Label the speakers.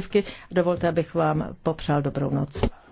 Speaker 1: příspěvky. Dovolte, abych vám popřál dobrou noc.